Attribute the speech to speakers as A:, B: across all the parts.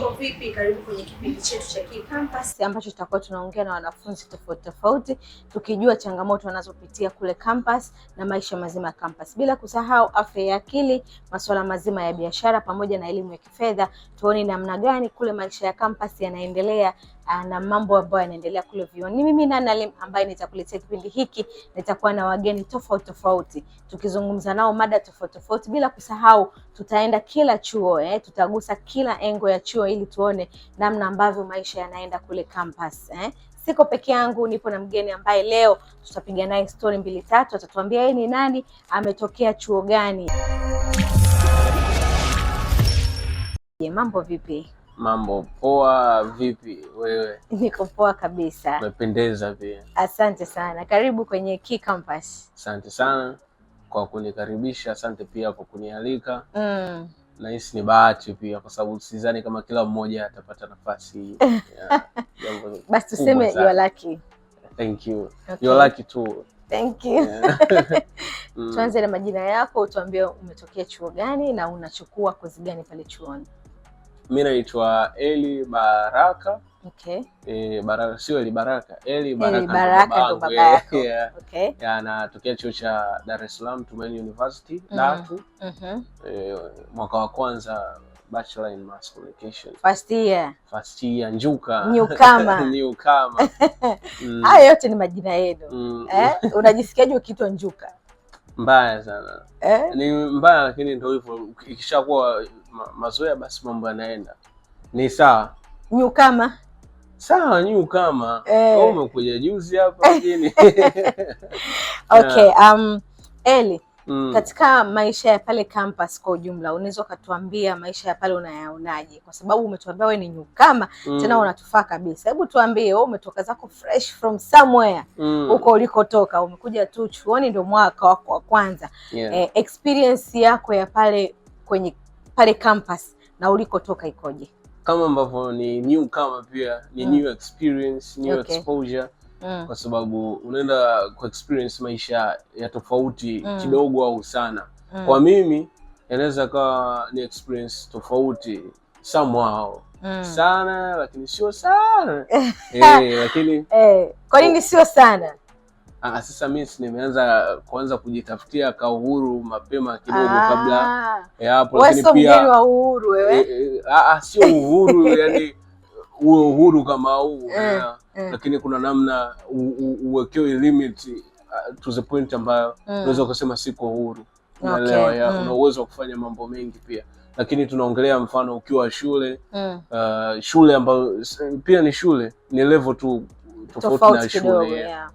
A: Mambo vipi? Karibu kwenye kipindi chetu cha Kii ambacho tutakuwa tunaongea na wanafunzi tofauti tofauti, tukijua changamoto wanazopitia kule campus na maisha mazima ya campus, bila kusahau afya ya akili, masuala mazima ya biashara pamoja na elimu ya kifedha. Tuone namna gani kule maisha ya campus yanaendelea Ah, na mambo ambayo yanaendelea kule vyuoni. Ni mimi Nana ambaye nitakuletea kipindi hiki, nitakuwa na wageni tofauti tofauti tukizungumza nao mada tofauti tofauti, bila kusahau tutaenda kila chuo eh, tutagusa kila engo ya chuo ili tuone namna ambavyo maisha yanaenda kule campus eh. Siko peke yangu, nipo na mgeni ambaye leo tutapiga naye stori mbili tatu, atatuambia yeye ni nani, ametokea chuo gani. Ye, mambo vipi?
B: Mambo poa, vipi wewe?
A: Niko poa kabisa.
B: Umependeza pia.
A: Asante sana, karibu kwenye Ki Campus.
B: Asante sana kwa kunikaribisha, asante pia kwa kunialika mm. Nahisi ni bahati pia kwa sababu sidhani kama kila mmoja atapata nafasi
A: basi tuseme mm. Tuanze na majina yako, utuambie umetokea chuo gani na unachukua kozi gani pale chuoni?
B: mi naitwa Eli Baraka. Okay. E, Baraka sio Eli Baraka, Eli
A: Baraka ndo baba yako.
B: Okay. Anatokea chuo cha Dar es Salaam Tumaini University, mm-hmm. Datu. Mhm. Eh, mwaka wa kwanza bachelor in mass communication.
A: First year.
B: First year njuka.
A: Newcomer.
B: Newcomer.
A: Mm. Haya yote ni majina yenu. Mm. Eh, unajisikiaje ukiitwa njuka?
B: Mbaya sana. Eh? Ni mbaya lakini ndio hivyo ikishakuwa ma, mazoea basi mambo yanaenda. Ni sawa
A: nyu kama
B: sawa nyu kama eh. Umekuja juzi hapa mjini
A: okay, yeah. Um, Eli mm. Katika maisha ya pale campus kwa ujumla unaweza ukatuambia maisha ya pale unayaonaje? Kwa sababu umetuambia wewe ni nyukama mm. Tena unatufaa kabisa. Hebu tuambie wewe, umetoka zako fresh from somewhere mm. huko mm. ulikotoka, umekuja tu chuoni, ndio mwaka wako wa kwanza yeah. Eh, experience yako ya pale kwenye pale campus na ulikotoka ikoje?
B: Kama ambavyo ni new kama pia ni mm. new experience, new okay. exposure mm. kwa sababu unaenda ku experience maisha ya tofauti mm. kidogo au sana mm. kwa mimi inaweza kawa ni experience tofauti somehow mm. sana, lakini sio sana eh, lakini eh,
A: kwa nini sio sana
B: Ah, sasa mimi si nimeanza kuanza kujitafutia ka uhuru mapema kidogo ah. kabla
A: ya hapo, lakini pia wa uhuru eh, wewe eh,
B: eh, ah, sio uhuru yani uwe uhuru kama huu e, e. Lakini kuna namna uwekewe limit uh, to the point ambayo unaweza mm. kusema siko uhuru unaelewa okay. ya mm. una uwezo wa kufanya mambo mengi pia lakini tunaongelea mfano ukiwa shule mm. uh, shule ambayo pia ni shule ni level tu
A: tofauti na shule kidogo, yeah. Yeah.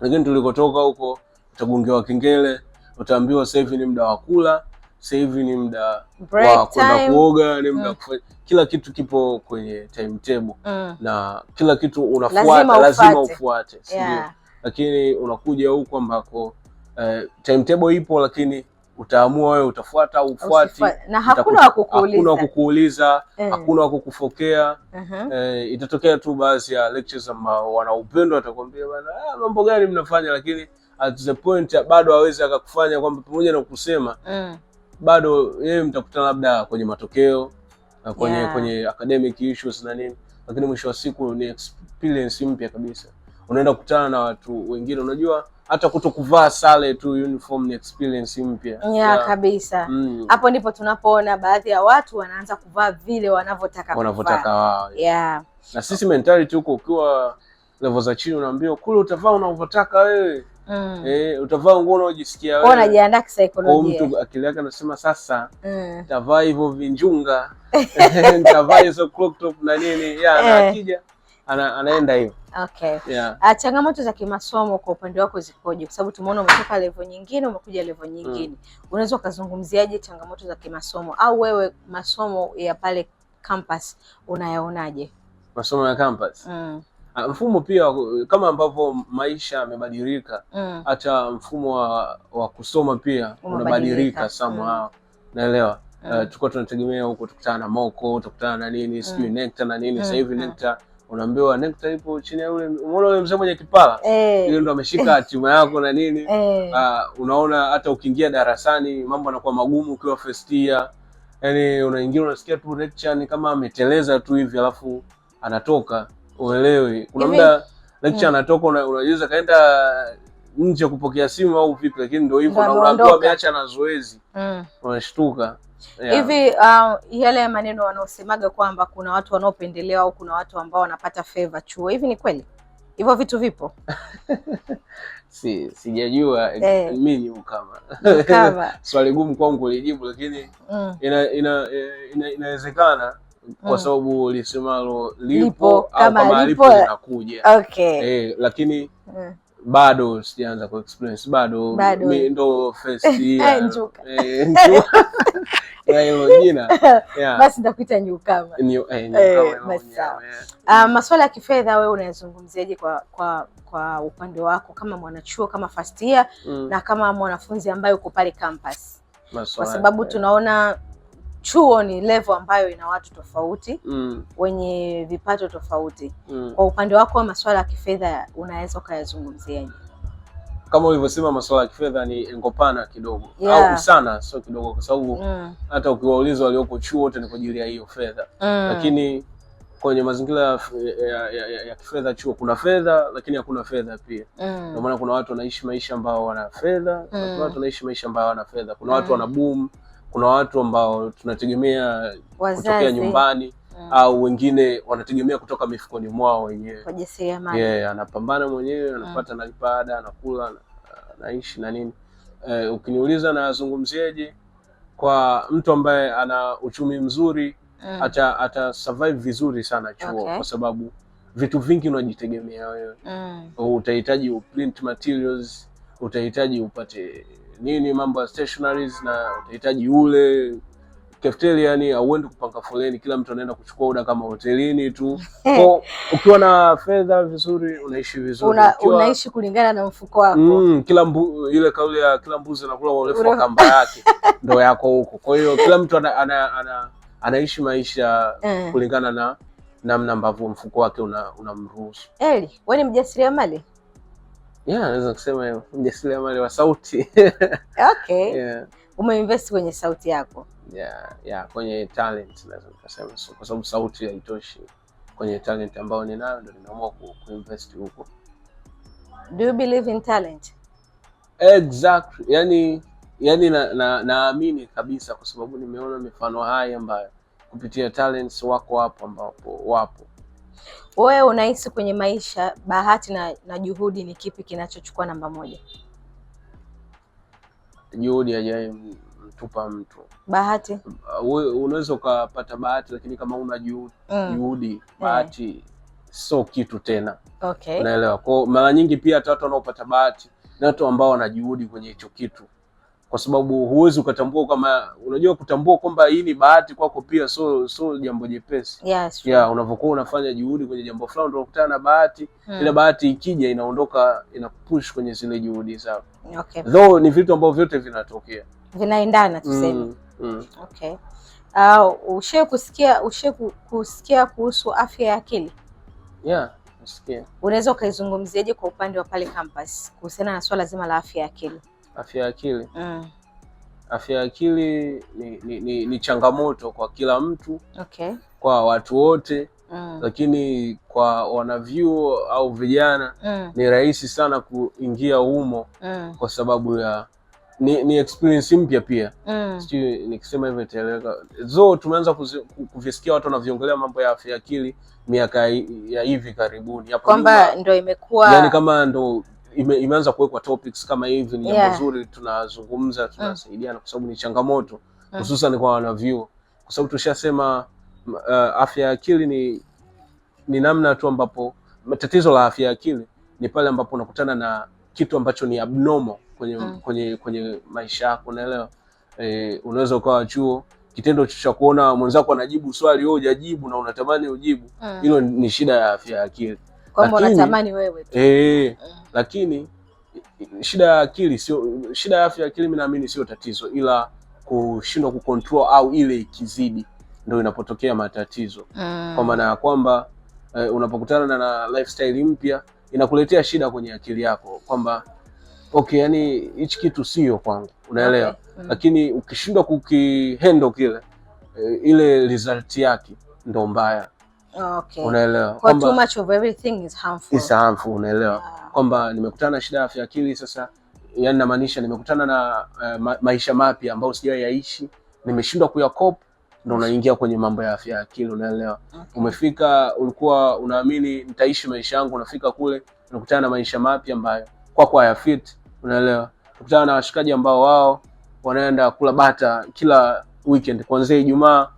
B: Lakini tulikotoka huko utagongewa kengele, utaambiwa sasa hivi ni muda wa kula, sasa hivi ni muda
A: wa kwenda kuoga, ni muda
B: mm. kila kitu kipo kwenye timetable mm. na kila kitu unafuata,
A: lazima ufuate, yeah.
B: Lakini unakuja huko ambako eh, timetable ipo lakini utaamua wewe utafuata au ufuati,
A: na hakuna wa kukuuliza,
B: kukuuliza mm. hakuna wa kukufokea mm -hmm. Eh, itatokea tu baadhi ya lectures ambao wana upendo watakwambia ah, mambo gani mnafanya, lakini at the point bado hawezi akakufanya kwamba pamoja na kusema mm. bado yeye mtakutana labda kwenye matokeo kwenye, yeah. kwenye academic issues na nini, lakini mwisho wa siku ni experience mpya kabisa unaenda kukutana na watu wengine, unajua hata kuto kuvaa sare tu uniform ni experience mpya
A: yeah, yeah. Kabisa mm. hapo mm. Ndipo tunapoona baadhi ya watu wanaanza kuvaa vile wanavyotaka
B: wanavyotaka wao yeah. Na sisi mentality huko, ukiwa level za chini, unaambiwa kule utavaa unavyotaka wewe mm. Eh, utavaa nguo unaojisikia
A: wewe, unajiandaa kisaikolojia.
B: Mtu akili yake anasema sasa mm. tavaa hivyo vinjunga nitavaa hizo crop top na nini yeah, na eh. akija ana, anaenda hiyo.
A: Okay. Yeah. Ah, changamoto za kimasomo kwa upande wako zikoje? Kwa sababu tumeona umetoka level nyingine umekuja level nyingine. Mm. Unaweza ukazungumziaje changamoto za kimasomo au wewe masomo ya pale campus unayaonaje?
B: Masomo ya campus? Mm. Ah, mfumo pia kama ambavyo maisha yamebadilika, mm. hata mm. mfumo wa, wa kusoma pia unabadilika sama mm. naelewa. Mm. Uh, ah, tulikuwa tunategemea huko tukutana na moko, tukutana na nini, sijui mm. nectar na nini, sasa mm. hivi mm. nectar unaambiwa Necta ipo chini ya yule umeona ule mzee mwenye kipara eh, yule ndo ameshika hatima yako na nini eh. Uh, unaona hata ukiingia darasani mambo yanakuwa magumu ukiwa first year, yani unaingia unasikia tu lecture ni kama ameteleza tu hivi, alafu anatoka uelewi. Kuna muda lecture mm. anatoka, unaweza kaenda nje kupokea simu au vipi, lakini ndio hivyo, na unaambiwa ameacha na zoezi mm. Unashtuka
A: hivi yeah. Uh, yale maneno wanaosemaga kwamba kuna watu wanaopendelewa au kuna watu ambao wanapata favor chuo, hivi ni kweli? Hivyo vitu vipo?
B: Si, sijajua eh. Mi ni ukama, swali gumu kwangu kulijibu, lakini mm. inawezekana ina, ina, eh, ina kwa mm. sababu lisemalo lipo, lipo au kama lipo linakuja okay. Eh, lakini mm bado sijaanza ku experience bado, bado. Mi ndo first eh, year
A: eh, njuka eh,
B: hiyo jina
A: basi nitakuita njuka
B: kama
A: ah, maswala ya kifedha, wewe unayazungumziaje kwa, kwa kwa upande wako kama mwanachuo kama first year mm. na kama mwanafunzi ambaye uko pale campus, kwa sababu tunaona chuo ni level ambayo ina watu tofauti mm. wenye vipato tofauti mm. Kwa upande wako masuala ya kifedha unaweza ukayazungumziaje?
B: Kama ulivyosema masuala ya kifedha ni engo pana kidogo, yeah. au sana, sio kidogo, kwa sababu mm. hata ukiwauliza walioko chuo wote ni kwa ajili ya hiyo fedha mm. lakini kwenye mazingira ya, ya, ya, ya kifedha chuo kuna fedha lakini hakuna fedha pia. Mm. maana kuna watu wanaishi maisha ambao wana fedha, mm. watu wanaishi maisha ambao wana fedha. Kuna watu mm. wana boom kuna watu ambao tunategemea kutokea nyumbani mm. au wengine wanategemea kutoka mifukoni mwao wenyewe yeah, anapambana mwenyewe anapata mm. nalipa anakula anaishi na nini eh, ukiniuliza nazungumziaje kwa mtu ambaye ana uchumi mzuri mm. ata, ata survive vizuri sana chuo okay. kwa sababu vitu vingi unajitegemea wewe mm. utahitaji uprint materials utahitaji upate nini mambo ya stationaries na utahitaji ule cafeteria, yani hauendi kupanga foleni, kila mtu anaenda kuchukua oda kama hotelini tu. Eh. Kwa ukiwa na fedha vizuri unaishi vizuri
A: Una, ukiwa... unaishi kulingana na mfuko wako
B: mm, kila mbu, ile kauli ya kila mbuzi anakula kwa urefu wa kamba yake ndo yako huko. Kwa hiyo kila mtu ana, ana, ana, anaishi maisha eh. kulingana na namna ambavyo mfuko wake unamruhusu.
A: Una Eli, wewe ni mjasiriamali?
B: Yeah, naweza kusema hiyo mjasiriamali wa sauti.
A: Okay. Yeah. Umeinvest kwenye sauti yako?
B: Yeah, yeah, kwenye talent naweza nikasema, so, kwa sababu sauti haitoshi. Kwenye talent ambayo ninayo ninaamua ku, kuinvest huko.
A: Do you believe in talent?
B: Exactly. Yani, yani naamini na, na kabisa kwa sababu nimeona mifano hai ambayo kupitia talents wako hapo ambapo wapo
A: wewe unahisi kwenye maisha bahati na, na juhudi ni kipi kinachochukua namba moja?
B: Juhudi mtupa mtu. Bahati wewe uh, unaweza ukapata bahati, lakini kama una juhudi, mm. juhudi eh. bahati yeah. sio kitu tena. Okay. Unaelewa? Kwa mara nyingi pia hata watu wanaopata bahati ni watu ambao wana juhudi kwenye hicho kitu kwa sababu huwezi ukatambua kama unajua, kutambua kwamba hii ni bahati kwako pia so so jambo jepesi yes, sure. Yeah, unavyokuwa unafanya juhudi kwenye jambo fulani unakutana na bahati hmm. Ile bahati ikija inaondoka inakupush kwenye zile juhudi zako okay. Though ni vitu ambavyo vyote vinatokea
A: vinaendana tuseme mm. mm. Okay. Uh, ushe kusikia ushe kusikia kuhusu afya ya akili yeah, Unaweza ukaizungumziaje kwa upande wa pale campus kuhusiana na swala zima la afya ya akili?
B: afya ya akili mm. Afya ya akili ni, ni, ni, ni changamoto kwa kila mtu okay. Kwa watu wote mm. Lakini kwa wanavyuo au vijana mm. Ni rahisi sana kuingia humo mm. Kwa sababu ya ni, ni experience mpya pia mm. Sijui nikisema hivyo itaeleweka. Zo tumeanza kuvisikia watu wanavyongelea mambo ya afya ya akili miaka ya hivi karibuni,
A: kwamba ndo imekuwa
B: yani kama ndo ime, imeanza kuwekwa topics kama hivi, ni jambo yeah. tunazungumza tunasaidiana mm. kwa sababu ni changamoto mm. hususan mm. kwa wanavyuo, kwa sababu tushasema uh, afya ya akili ni, ni namna tu ambapo tatizo la afya ya akili ni pale ambapo unakutana na kitu ambacho ni abnormal kwenye, mm. kwenye, kwenye maisha yako unaelewa. E, unaweza ukawa chuo kitendo cha kuona mwenzako anajibu swali wewe hujajibu na unatamani ujibu, mm. hilo mm. ni shida ya afya ya akili
A: kwamba unatamani wewe tu.
B: Eh, mm. Lakini shida ya akili sio shida ya afya ya akili, mimi naamini sio tatizo, ila kushindwa kucontrol au ile ikizidi ndio inapotokea matatizo mm. Kwa maana ya kwamba eh, unapokutana na lifestyle mpya inakuletea shida kwenye akili yako kwamba okay, yani hichi kitu sio kwangu, unaelewa okay. mm. Lakini ukishindwa kukihandle kile eh, ile result yake ndo mbaya
A: okay. Unaelewa kwamba too much of everything is harmful.
B: Is harmful, unaelewa yeah. Kwamba nimekutana na shida ya afya akili sasa, yani namaanisha nimekutana na uh, ma maisha mapya ambayo sijawahi yaishi, nimeshindwa kuyakopa ndo unaingia kwenye mambo ya afya ya akili unaelewa. Okay. Umefika, ulikuwa unaamini nitaishi maisha yangu, unafika kule unakutana na maisha mapya ambayo kwako kwa hayafiti, unaelewa. Unakutana na washikaji ambao wao wanaenda kula bata kila weekend kuanzia Ijumaa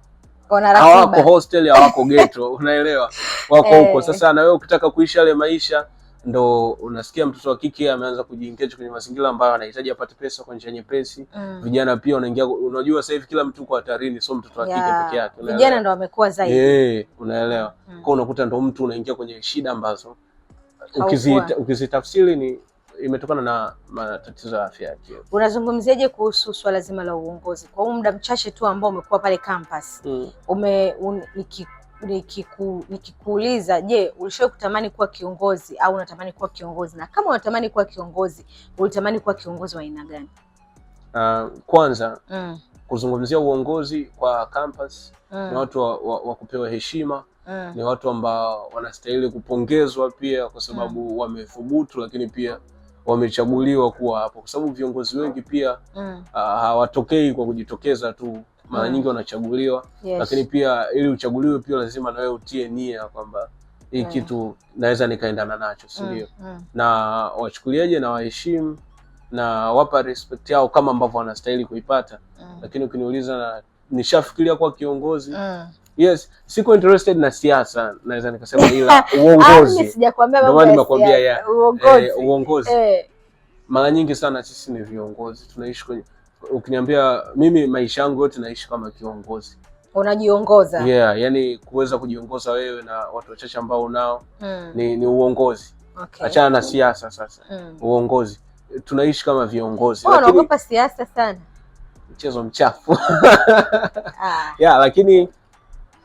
B: hawako hostel, hawako ghetto, unaelewa, wako huko. Eh. Sasa na wewe ukitaka kuishi yale maisha ndo unasikia mtoto wa kike ameanza kujiengage kwenye mazingira ambayo anahitaji apate pesa kwa njia nyepesi. Mm. Vijana pia wanaingia, unajua sasa hivi kila mtu uko hatarini, sio mtoto wa yeah, peke yake.
A: Vijana ndo wamekuwa zaidi.
B: Eh, unaelewa. Mm. Kwa unakuta ndo mtu unaingia kwenye shida ambazo ukizitafsiri ni imetokana na matatizo ya afya yake.
A: Unazungumziaje kuhusu swala zima la uongozi kwa huu muda mchache tu ambao umekuwa pale campus? Mm. Ume un, nikiku, nikikuuliza je, ulishawahi kutamani kuwa kiongozi au unatamani kuwa kiongozi? Na kama unatamani kuwa kiongozi, ulitamani kuwa kiongozi wa aina gani?
B: Uh, kwanza mm. kuzungumzia uongozi kwa campus mm. ni watu wa, wa, wa kupewa heshima mm. ni watu ambao wanastahili kupongezwa pia kwa sababu mm. wamethubutu, lakini pia wamechaguliwa kuwa hapo, kwa sababu viongozi wengi pia mm. Ah, hawatokei kwa kujitokeza tu, mara mm. nyingi wanachaguliwa yes. Lakini pia ili uchaguliwe pia lazima na wewe utie nia kwamba hii mm. kitu naweza nikaendana nacho, si mm, ndio? mm. mm. na wachukuliaje na waheshimu na wapa respect yao kama ambavyo wanastahili kuipata mm. Lakini ukiniuliza nishafikiria kuwa kiongozi mm. Yes, siko interested na siasa naweza nikasema, ila ah, uongozi
A: ndio
B: nimekuambia ya uongozi. Eh, eh. Mara nyingi sana sisi ni viongozi tunaishi kwenye, ukiniambia mimi maisha yangu yote naishi kama kiongozi
A: unajiongoza
B: yeah, yani kuweza kujiongoza wewe na watu wachache ambao unao mm. ni, ni uongozi okay. Achana na siasa sasa mm. uongozi tunaishi kama viongozi
A: oh, lakini siasa sana,
B: mchezo mchafu ah. yeah, lakini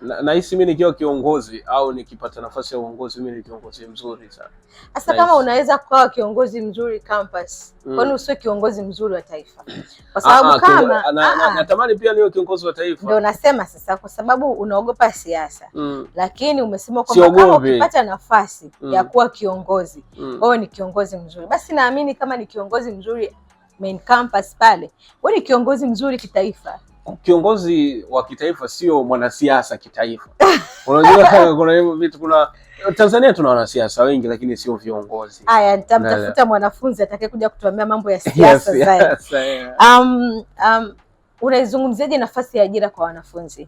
B: nahisi na mimi nikiwa kiongozi au nikipata nafasi ya uongozi, mimi ni kiongozi mzuri sana.
A: Sasa kama unaweza kuwa kiongozi mzuri campus, mm. kwani usiwe kiongozi mzuri wa taifa? Kwa sababu ah, ah, kama
B: ah. natamani pia niwe kiongozi wa taifa,
A: ndio nasema sasa, kwa sababu unaogopa siasa mm. Lakini umesema kwamba kama ukipata nafasi mm. ya kuwa kiongozi mm. wewe mm. ni kiongozi mzuri, basi naamini kama ni kiongozi mzuri main campus pale, wewe ni kiongozi mzuri kitaifa
B: kiongozi wa kitaifa sio mwanasiasa kitaifa. Unajua kuna hivyo vitu, kuna Tanzania tuna wanasiasa wengi lakini sio viongozi.
A: aya nitamtafuta mwanafunzi atakayekuja kutuambia mambo ya siasa zaidi. Um, um, unaizungumziaje nafasi ya ajira kwa wanafunzi?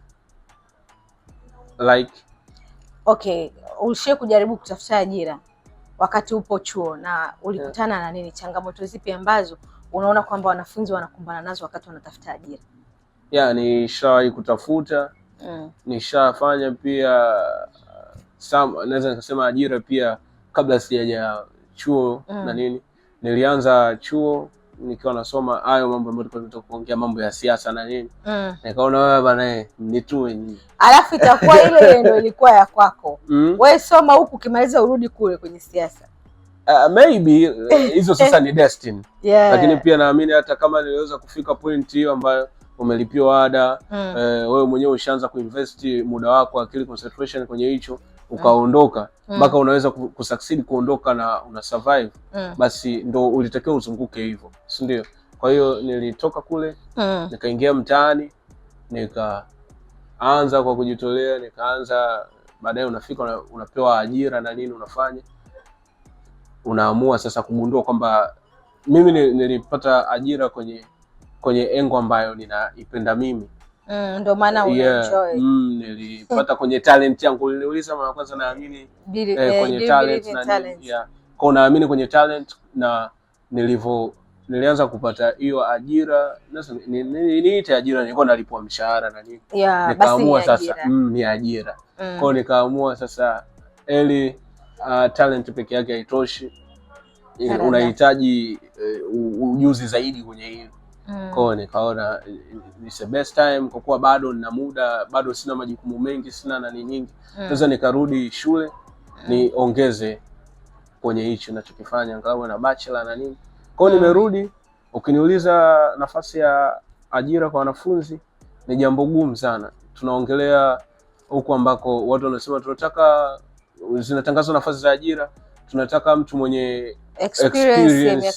A: Like okay, ushie kujaribu kutafuta ajira wakati upo chuo na ulikutana yeah, na nini? Changamoto zipi ambazo unaona kwamba wanafunzi wanakumbana nazo wakati wanatafuta ajira?
B: ya nishawahi kutafuta mm. Nishafanya pia naweza nikasema ajira pia kabla sijaja chuo mm. na nini, nilianza chuo nikiwa nasoma hayo mambo ambayo tulikuwa kuongea mambo ya siasa na nini mm. Nikaona wewe bana, nitue eh, nini,
A: alafu itakuwa ile ndio ilikuwa ya kwako mm. Wewe soma huku, ukimaliza urudi kule kwenye siasa.
B: Uh, maybe uh, hizo sasa ni destiny yeah. Lakini pia naamini hata kama niliweza kufika point hiyo ambayo umelipiwa ada mm. eh, wewe mwenyewe ushaanza kuinvest muda wako, akili, concentration kwenye hicho ukaondoka hmm. mpaka mm. unaweza kusucceed kuondoka na una survive mm. basi ndo ulitakiwa uzunguke hivyo, si ndio? Kwa hiyo nilitoka kule mm. nikaingia mtaani nikaanza kwa kujitolea, nikaanza baadaye, unafika una, unapewa ajira na nini, unafanya unaamua sasa kugundua kwamba mimi nilipata ajira kwenye kwenye engo ambayo ninaipenda mimi
A: mm, ndo maana una yeah, enjoy mm,
B: nilipata kwenye talent yangu. Niliuliza mara kwanza, naamini eh, eh, kwenye talent na talent. Yeah. Kwa naamini kwenye talent na nilivyo nilianza kupata hiyo ajira niite ajira, nilikuwa nalipwa mshahara na nini, nikaamua sasa mm, ni ajira mm. kwao, nikaamua sasa eli uh, talent peke yake haitoshi, unahitaji uh, ujuzi zaidi kwenye hiyo mm. Kwao nikaona eh, it's the best time kwa kuwa bado nina muda, bado sina majukumu mengi, sina nani nyingi, naweza mm. nikarudi shule mm. niongeze kwenye hicho ninachokifanya angalau na bachelor na nini kwao mm. nimerudi. Ukiniuliza nafasi ya ajira kwa wanafunzi ni jambo gumu sana, tunaongelea huku ambako watu wanasema tunataka zinatangazwa nafasi za ajira tunataka mtu mwenye
A: experience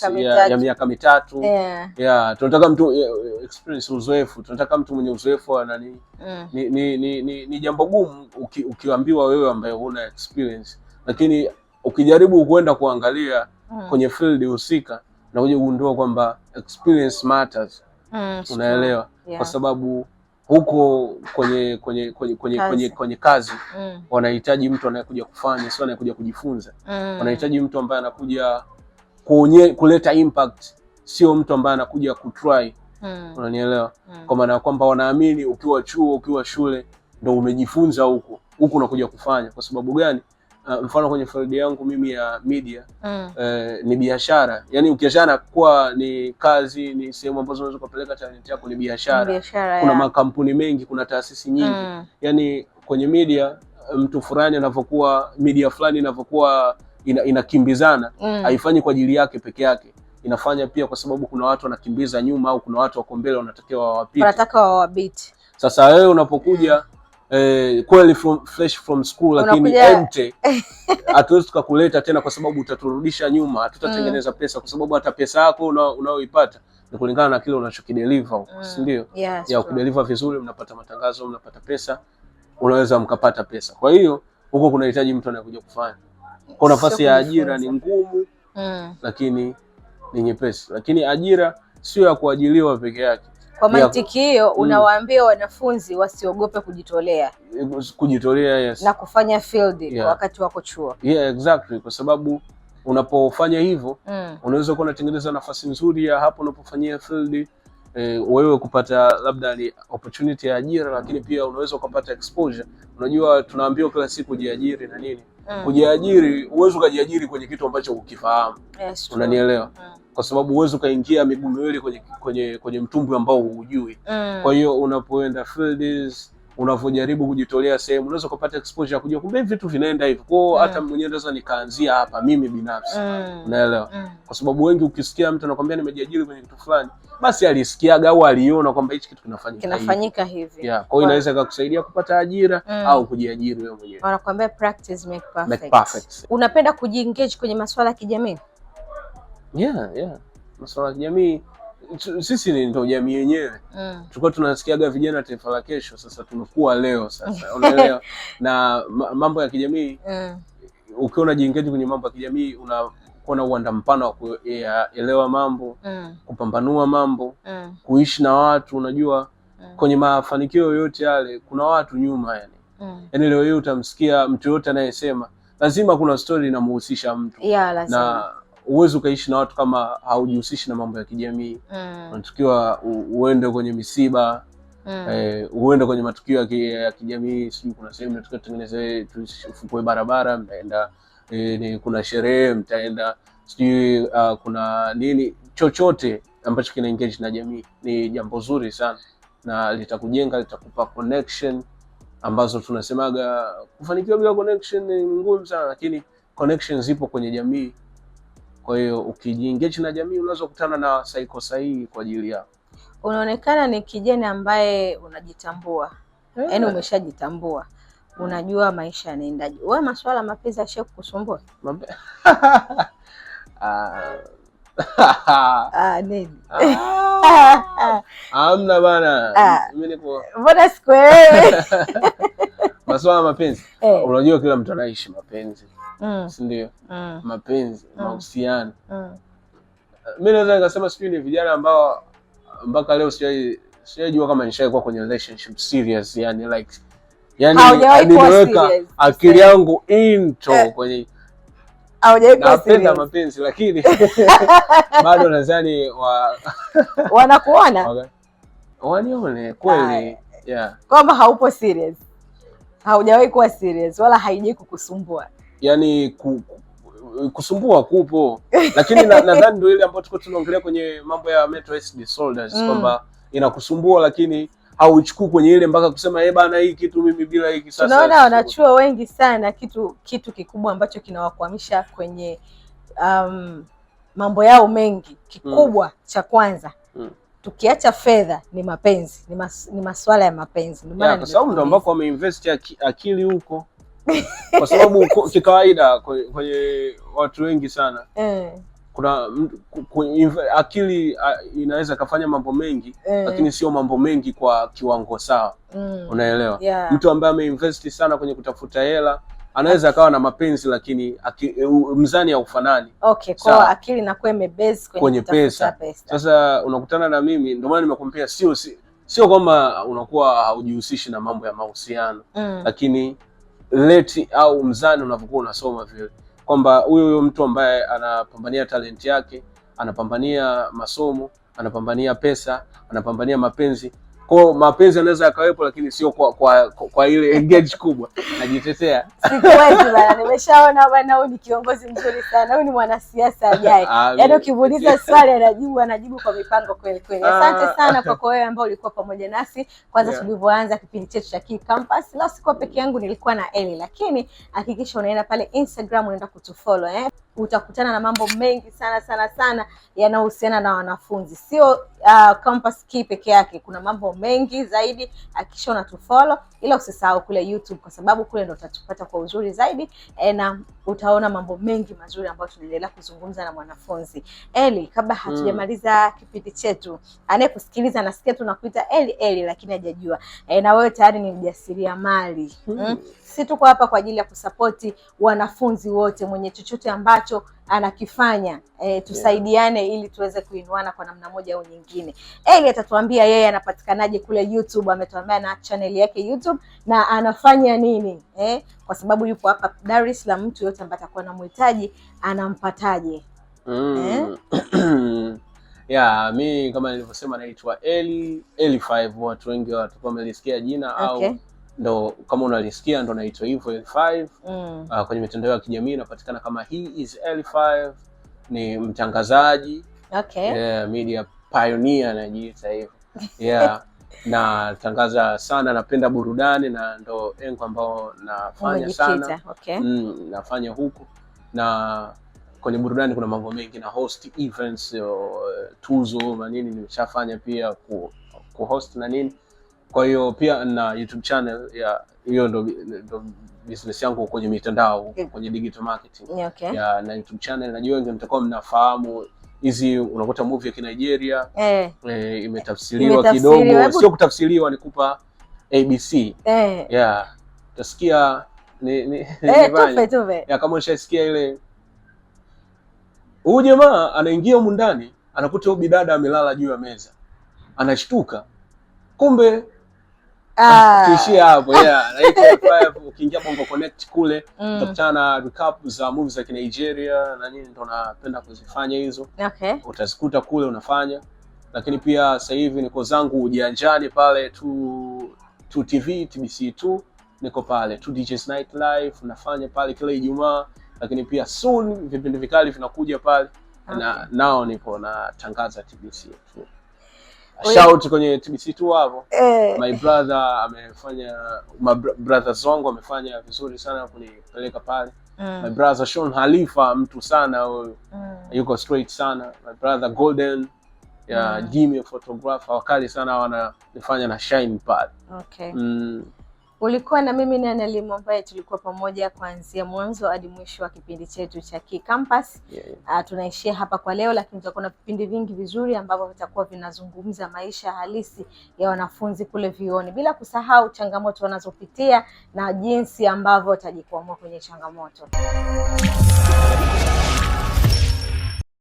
B: ya miaka mitatu yeah. yeah. tunataka mtu eh, eh, experience, uzoefu, tunataka mtu mwenye uzoefu wa nani mm. ni, ni, ni, ni, ni jambo gumu uki, ukiambiwa wewe ambaye huna experience, lakini ukijaribu kuenda kuangalia mm. kwenye field husika na kuja kugundua kwamba experience matters mm, unaelewa yeah. kwa sababu huko kwenye kwenye kwenye kwenye kazi, kwenye, kwenye kazi mm. wanahitaji mtu anayekuja kufanya, sio anayekuja kujifunza mm. wanahitaji mtu ambaye anakuja kuonye, kuleta impact, sio mtu ambaye anakuja kutry mm. unanielewa mm. kwa maana ya kwamba wanaamini ukiwa chuo ukiwa shule ndo umejifunza huko, huku unakuja kufanya. Kwa sababu gani? uh, mfano kwenye field yangu mimi ya media mm. uh, ni biashara yani, ukiachana kuwa ni kazi, ni sehemu ambazo unaweza kupeleka talent yako, ni biashara. Kuna makampuni mengi, kuna taasisi nyingi mm. yani kwenye media mtu fulani anavyokuwa media fulani inavyokuwa inakimbizana mm. haifanyi kwa ajili yake peke yake inafanya pia kwa sababu kuna watu wanakimbiza nyuma au kuna watu wako mbele wanatakiwa wawapite,
A: wanataka wawabiti.
B: Sasa wewe unapokuja mm eh, kweli from, fresh from school lakini ente hatuwezi tukakuleta tena, kwa sababu utaturudisha nyuma, hatutatengeneza mm. pesa, kwa sababu hata pesa yako unayoipata ni kulingana na kile unachokideliva mm. si ndio? Yes, ya kudeliva vizuri, mnapata matangazo, mnapata pesa, unaweza mkapata pesa. Kwa hiyo huko kunahitaji mtu anayekuja kufanya kwa nafasi ya ajira ni ngumu mm. lakini ni nyepesi, lakini ajira sio ya kuajiliwa peke yake.
A: Kwa mantiki hiyo mm. unawaambia wanafunzi wasiogope kujitolea
B: kujitolea, yes.
A: na kufanya field yeah. wakati wako chuo
B: yeah, exactly. kwa sababu unapofanya hivyo mm. unaweza kuwa unatengeneza nafasi nzuri ya hapo unapofanyia field eh, wewe kupata labda ni opportunity ya ajira, lakini pia unaweza ukapata exposure. Unajua, tunaambiwa kila siku jiajiri na nini mm. Kujiajiri, huwezi ukajiajiri kwenye kitu ambacho ukifahamu yes, unanielewa mm kwa sababu huwezi ukaingia miguu miwili kwenye, kwenye, kwenye mtumbwi ambao hujui mm. Kwa hiyo unapoenda fields, unavyojaribu kujitolea sehemu, unaweza kupata exposure ya kujua kumbe vitu vinaenda hivi kwao. Hata mm. mwenyewe naweza nikaanzia hapa mimi binafsi mm. Unaelewa mm. Kwa sababu wengi ukisikia mtu anakuambia nimejiajiri kwenye kitu fulani, basi alisikiaga au aliona kwamba hichi kitu kinafanyika
A: kinafanyika hivi
B: yeah. Kwa hiyo inaweza kukusaidia kupata ajira mm. au kujiajiri wewe mwenyewe.
A: Wanakuambia practice make perfect. Make perfect. Unapenda kujiengage kwenye masuala ya kijamii?
B: yeah, yeah. Masuala ya kijamii sisi ni ndo jamii yenyewe mm. Tulikuwa tunasikiaga vijana taifa la kesho, sasa tumekuwa leo sasa, unaelewa na mambo ya kijamii mm. Ukiwa unajiengage kwenye mambo ya kijamii unakuwa na uwanda mpana wa kuelewa mambo mm. kupambanua mambo mm. kuishi na watu unajua mm. kwenye mafanikio yoyote yale kuna watu nyuma yani. Mm. Yani leo hii utamsikia mtu yoyote anayesema lazima kuna stori inamhusisha mtu yeah, lazima. na huwezi ukaishi na watu kama haujihusishi na mambo ya kijamii mm. Unatakiwa uende kwenye misiba mm. Eh, uende kwenye matukio ya kijamii, sijui kuna sehemu natakiwa tutengeneze, tufukue barabara, mtaenda eh, ni, kuna sherehe mtaenda, sijui uh, kuna nini, chochote ambacho kina engage na jamii ni jambo zuri sana na litakujenga, litakupa connection ambazo tunasemaga kufanikiwa bila connection ni ngumu sana, lakini connection zipo kwenye jamii. Kwa hiyo ukijiengage na jamii unaweza kukutana na saiko sahihi kwa ajili yako.
A: Unaonekana ni kijana ambaye unajitambua, eh. yaani yeah. Umeshajitambua, unajua maisha yanaendaje. Wewe masuala mapenzi yasha kukusumbua? Ah. Ah, ah. Amna bana, mbona sikuelewi
B: masuala ya mapenzi? Eh. Unajua kila mtu anaishi mapenzi Mm. sindio mm. mapenzi mm. mahusiano mm. mi naweza nikasema sijui ni vijana ambao mpaka leo sijajua kama nishaikuwa kwenye relationship serious, yani like yani akili eh. yangu into eh. kwenye napenda mapenzi lakini bado nadhani wa...
A: wanakuona
B: wanione kweli
A: yeah. kwamba haupo serious, haujawahi kuwa serious wala haijai kukusumbua
B: yani ku, kusumbua kupo, lakini nadhani na ndio ile ambayo tuko tunaongelea kwenye mambo ya Metro SD Soldiers mm. kwamba inakusumbua lakini hauchukui kwenye ile mpaka kusema eh bana, hii kitu mimi bila hiki sasa.
A: Tunaona wanachuo wengi sana, kitu kitu kikubwa ambacho kinawakwamisha kwenye um, mambo yao mengi, kikubwa mm. cha kwanza mm. tukiacha fedha ni mapenzi, ni, mas, ni masuala ya mapenzi,
B: kwa sababu ndio ambako wameinvest akili huko kwa sababu kikawaida kwenye watu wengi sana mm. kuna akili inaweza ikafanya mambo mengi mm. lakini sio mambo mengi kwa kiwango sawa mm. unaelewa yeah. mtu ambaye ameinvesti sana kwenye kutafuta hela anaweza akawa na mapenzi lakini aki, mzani haufanani.
A: Okay, kwa akili inakuwa imebase kwenye,
B: kwenye pesa. pesa. Sasa unakutana na mimi, ndio maana nimekuambia sio sio kwamba unakuwa haujihusishi na mambo ya mahusiano mm. lakini leti au mzani unavyokuwa unasoma vile, kwamba huyo huyo mtu ambaye anapambania talenti yake, anapambania masomo, anapambania pesa, anapambania mapenzi kwa mapenzi yanaweza yakawepo, lakini sio kwa, kwa, kwa, kwa ile engage kubwa. Najitetea
A: sikuwezi bana, nimeshaona bana, huyu ni kiongozi mzuri sana, huyu ni mwanasiasa ajaye. Yaani ukimuuliza swali anajibu, anajibu kwa mipango kweli kweli. Ah. Asante sana kwa wewe ambao ulikuwa pamoja nasi kwanza, yeah. Tulivyoanza kipindi chetu cha Key Campus, na sikuwa peke yangu, nilikuwa na Eli, lakini hakikisha unaenda pale Instagram unaenda kutufollow eh? Utakutana na mambo mengi sana sana sana yanayohusiana na wanafunzi, sio uh, Campus Key peke yake, kuna mambo mengi zaidi, hakikisha unatufollow ila usisahau kule YouTube kwa sababu kule ndo utatupata kwa uzuri zaidi e, na utaona mambo mengi mazuri ambayo tunaendelea kuzungumza na mwanafunzi Eli. Kabla mm. hatujamaliza mm. kipindi chetu, anayekusikiliza nasikia tunakuita Eli Eli, lakini hajajua e, na wewe tayari ni mjasiriamali hmm? mm. mm. Sisi tuko hapa kwa ajili ya kusapoti wanafunzi wote, mwenye chochote ambacho anakifanya e, tusaidiane yeah, ili tuweze kuinuana kwa namna moja au nyingine. Eli atatuambia yeye anapatikanaje kule YouTube, ametuambia na channel yake YouTube YouTube na anafanya nini eh? Kwa sababu yupo hapa Dar es Salaam, mtu yote ambaye atakuwa anamhitaji anampataje? Eh? mm.
B: eh? Yeah, mi kama nilivyosema naitwa Eli Eli5, watu wengi watakuwa wamelisikia jina okay. au ndo kama unalisikia ndo naitwa hivyo Eli5. mm. Uh, kwenye mitandao ya kijamii inapatikana kama he is Eli5, ni mtangazaji
A: okay. yeah,
B: media pioneer anajiita hivyo yeah natangaza sana, napenda burudani na ndo engo ambao nafanya sana okay. Mm, nafanya huku na kwenye burudani kuna mambo mengi na host events, tuzo na nini nimeshafanya pia ku, ku host na nini, kwa hiyo pia na YouTube channel ya hiyo ndo, ndo business yangu kwenye mitandao kwenye digital marketing yeah, okay. ya, na YouTube channel najua wengi mtakuwa mnafahamu hizi unakuta movie ya Kinigeria eh, eh, imetafsiriwa kidogo, sio kutafsiriwa, ni kupa ABC eh, yeah utasikia ni, ni,
A: eh, tupe, tupe.
B: Ya, kama nishasikia ile huyu jamaa anaingia humu ndani anakuta huyu bidada amelala juu ya meza, anashtuka kumbe Ah. Tuishie hapo yeah. ukiingia Bongo Connect kule mm. utakutana na recap za movies za like na nini ndo napenda kuzifanya hizo. Okay. Utazikuta kule unafanya. Lakini pia sasa hivi niko zangu ujanjani pale tu tu TV TBC2 niko pale tu DJ's Night Live nafanya pale kila Ijumaa, lakini pia soon vipindi vikali vinakuja pale. Okay. Na nao nipo natangaza TBC2 shout kwenye TBC tu hapo eh. My brother amefanya my brothers wangu amefanya vizuri sana kunipeleka pale mm. My brother Sean Halifa mtu sana huyo mm. Yuko straight sana my brother Golden ya mm. Jimmy photographer wakali sana wananifanya na shine pale
A: okay. mm. Ulikuwa na mimi Nana Limu ambaye tulikuwa pamoja kuanzia mwanzo hadi mwisho wa kipindi chetu cha Kikampasi. yeah, yeah. Ah, tunaishia hapa kwa leo, lakini tutakuwa na vipindi vingi vizuri ambavyo vitakuwa vinazungumza maisha halisi ya wanafunzi kule vioni bila kusahau changamoto wanazopitia na jinsi ambavyo watajikwamua kwenye changamoto